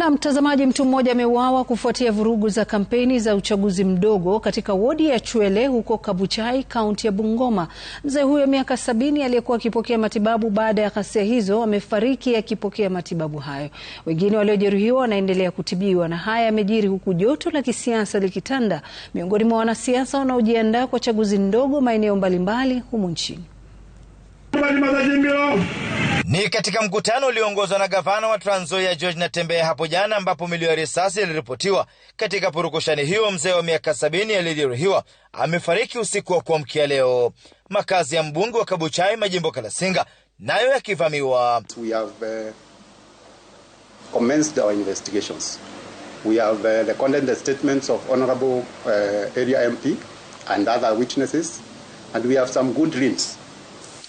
Na mtazamaji, mtu mmoja ameuawa kufuatia vurugu za kampeni za uchaguzi mdogo katika wodi ya Chwele huko Kabuchai, kaunti ya Bungoma. Mzee huyo miaka sabini aliyekuwa akipokea matibabu baada ya ghasia hizo amefariki akipokea matibabu hayo. Wengine waliojeruhiwa wanaendelea kutibiwa, na haya yamejiri huku joto la kisiasa likitanda miongoni mwa wanasiasa wanaojiandaa kwa chaguzi ndogo maeneo mbalimbali humu nchini. Ni katika mkutano ulioongozwa na gavana wa Trans Nzoia George Natembeya hapo jana, ambapo milio ya risasi iliripotiwa katika purukushani hiyo. Mzee wa miaka sabini aliyejeruhiwa amefariki usiku wa kuamkia leo, makazi ya mbunge wa Kabuchai Majimbo Kalasinga nayo yakivamiwa. We have uh,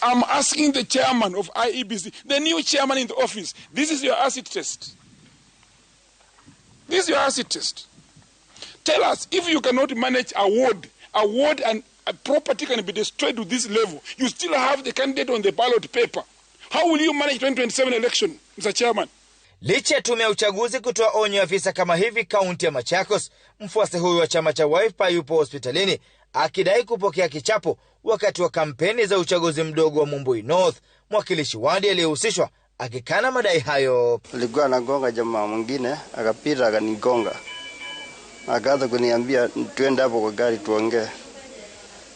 I'm asking the chairman of IEBC, the new chairman in the office, this is your acid test. This is your acid test. Tell us if you cannot manage a ward, a ward and a property can be destroyed to this level. You still have the candidate on the ballot paper. How will you manage 2027 election, Mr. Chairman? Licha ya tume ya uchaguzi kutoa onyo ya visa kama hivi kaunti ya Machakos, mfuasi huyu wa chama cha wifi yupo hospitalini akidai kupokea kichapo wakati wa kampeni za uchaguzi mdogo wa Mumbui North, mwakilishi wadi aliyehusishwa akikana madai hayo. alikuwa nagonga jamaa mwingine akapita akanigonga, akaanza kuniambia twende hapo kwa gari tuongee.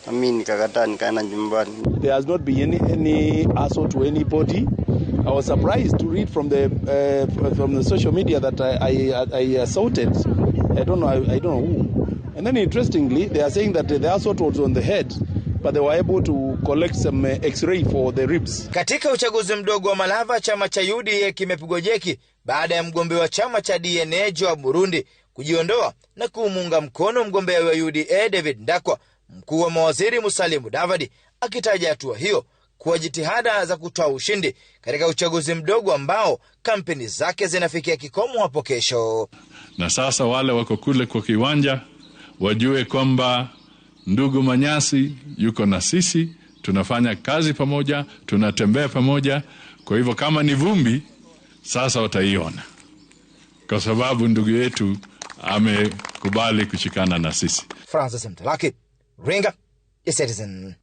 Nami nikakataa nikaenda nyumbani. There has not been any, any assault to anybody. I was surprised to read from the uh, from the social media that I, I, I assaulted. I don't know. I, I, don't know who. And then interestingly, they are saying that the assault was on the head. But they were able to collect some uh, x-ray for the ribs. Katika uchaguzi mdogo wa Malava, chama cha UDA kimepigwa jeki baada ya mgombea wa chama cha DNA Joab Burundi kujiondoa na kumunga mkono mgombea wa UDA David Ndakwa, mkuu wa mawaziri Musalia Mudavadi akitaja hatua hiyo kuwa jitihada za kutoa ushindi katika uchaguzi mdogo ambao kampeni zake zinafikia kikomo hapo kesho. Na sasa wale wako kule kwa kiwanja wajue kwamba ndugu Manyasi yuko na sisi, tunafanya kazi pamoja, tunatembea pamoja. Kwa hivyo kama ni vumbi sasa wataiona, kwa sababu ndugu yetu amekubali kushikana na sisi. Francis Mtalaki, Ringa ya Citizen.